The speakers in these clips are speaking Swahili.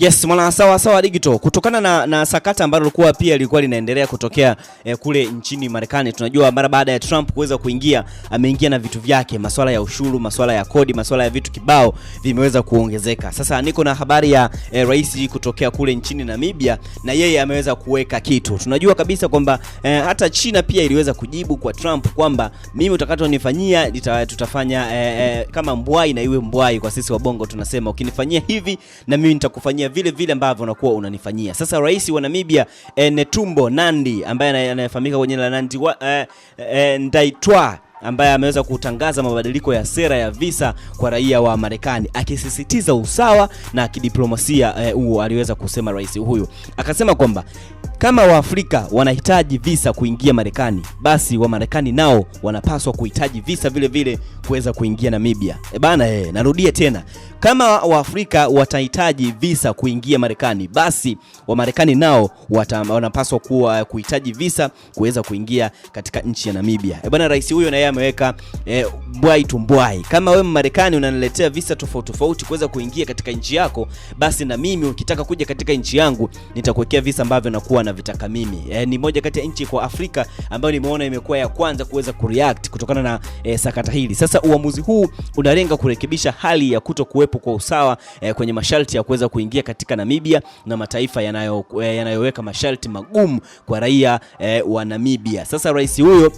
Yes, mwana sawa sawa digital. Kutokana na, na sakata ambalo lilikuwa pia lilikuwa linaendelea kutokea eh, kule nchini Marekani. Tunajua mara baada ya Trump kuweza kuingia, ameingia na vitu vyake, masuala ya ushuru, masuala ya kodi, masuala ya vitu kibao vimeweza kuongezeka. Sasa niko na habari ya eh, rais kutokea kule nchini Namibia na yeye ameweza kuweka kitu. Tunajua kabisa kwamba eh, hata China pia iliweza kujibu kwa Trump kwamba mimi utakatonifanyia tutafanya eh, eh, kama mbwai na iwe mbwai. Kwa sisi wabongo tunasema ukinifanyia hivi na mimi nitakufanyia vile vile ambavyo unakuwa unanifanyia. Sasa rais wa Namibia eh, Netumbo Nandi ambaye anayefahamika kwa jina la Nandi eh, eh, Ndaitwa ambaye ameweza kutangaza mabadiliko ya sera ya visa kwa raia wa Marekani akisisitiza usawa na kidiplomasia eh, huo. Eh, aliweza kusema rais huyu akasema kwamba kama Waafrika wanahitaji visa kuingia Marekani, basi Wamarekani nao wanapaswa kuhitaji visa vile vile kuweza kuingia Namibia. E bana, e, narudia tena, kama Waafrika watahitaji visa kuingia Marekani, basi Wamarekani nao wata, wanapaswa kuwa kuhitaji visa kuweza kuingia katika nchi ya Namibia. E bana, rais huyo naye ameweka e, mbwai tumbwai. Kama wewe Marekani unaniletea visa tofauti tofauti kuweza kuingia katika nchi yako, basi na mimi ukitaka kuja katika nchi yangu nitakuwekea visa ambavyo nakuwa na na mimi. E, ni moja kati ya nchi kwa Afrika ambayo nimeona imekuwa ya kwanza kuweza kureact kutokana na e, sakata hili. Sasa uamuzi huu unalenga kurekebisha hali ya kuto kuwepo kwa usawa e, kwenye masharti ya kuweza kuingia katika Namibia na mataifa yanayo, e, yanayoweka masharti magumu kwa raia e, wa Namibia. Sasa rais huyo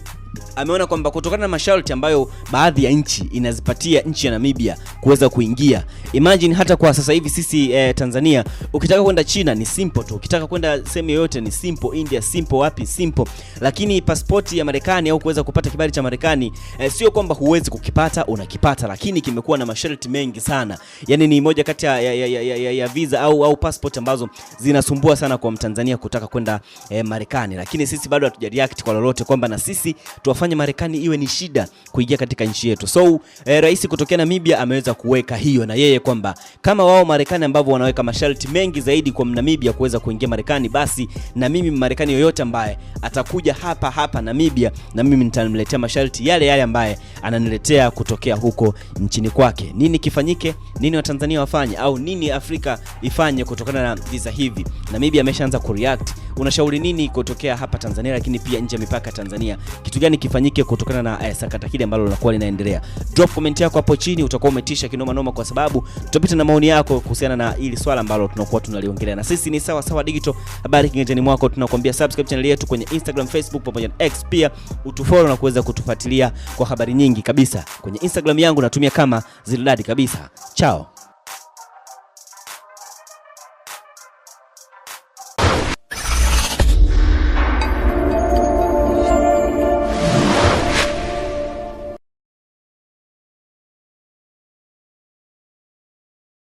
ameona kwamba kutokana na masharti ambayo baadhi ya nchi inazipatia nchi ya Namibia kuweza kuingia. Imagine hata kwa sasa hivi sisi eh, Tanzania ukitaka kwenda China ni simple tu, ukitaka kwenda sehemu yoyote ni simple, India simple, wapi simple. Lakini pasipoti ya Marekani au kuweza kupata kibali cha Marekani eh, sio kwamba huwezi kukipata, unakipata, lakini kimekuwa na masharti mengi sana. Yani ni moja kati ya, ya, ya, ya, ya visa au, au passport ambazo zinasumbua sana kwa Mtanzania kutaka kwenda eh, Marekani, lakini sisi bado hatujareact kwa lolote kwamba na sisi tuwafanye Marekani iwe ni shida kuingia katika nchi yetu. So eh, rais kutokea Namibia ameweza kuweka hiyo na yeye kwamba kama wao Marekani ambavyo wanaweka masharti mengi zaidi kwa Namibia kuweza kuingia Marekani, basi na mimi Marekani yoyote ambaye atakuja hapa hapa Namibia, na mimi nitamletea masharti yale yale ambaye ananiletea kutokea huko nchini kwake. Nini kifanyike? Nini Watanzania wafanye au nini Afrika ifanye kutokana na visa hivi? Namibia ameshaanza kureact unashauri nini kutokea hapa Tanzania, lakini pia nje ya mipaka Tanzania, kitu gani kifanyike kutokana na eh, sakata kile ambalo linakuwa linaendelea? Drop comment yako hapo chini, utakuwa umetisha kinoma noma, kwa sababu tutapita na maoni yako kuhusiana na ili swala ambalo tunakuwa tunaliongelea. Na sisi ni sawa sawa digital, habari kingenjani mwako. tunakuambia subscribe channel yetu kwenye Instagram, Facebook pamoja na X, pia utufollow na kuweza kutufuatilia kwa habari nyingi kabisa. Kwenye Instagram yangu natumia kama zilidadi kabisa. Chao.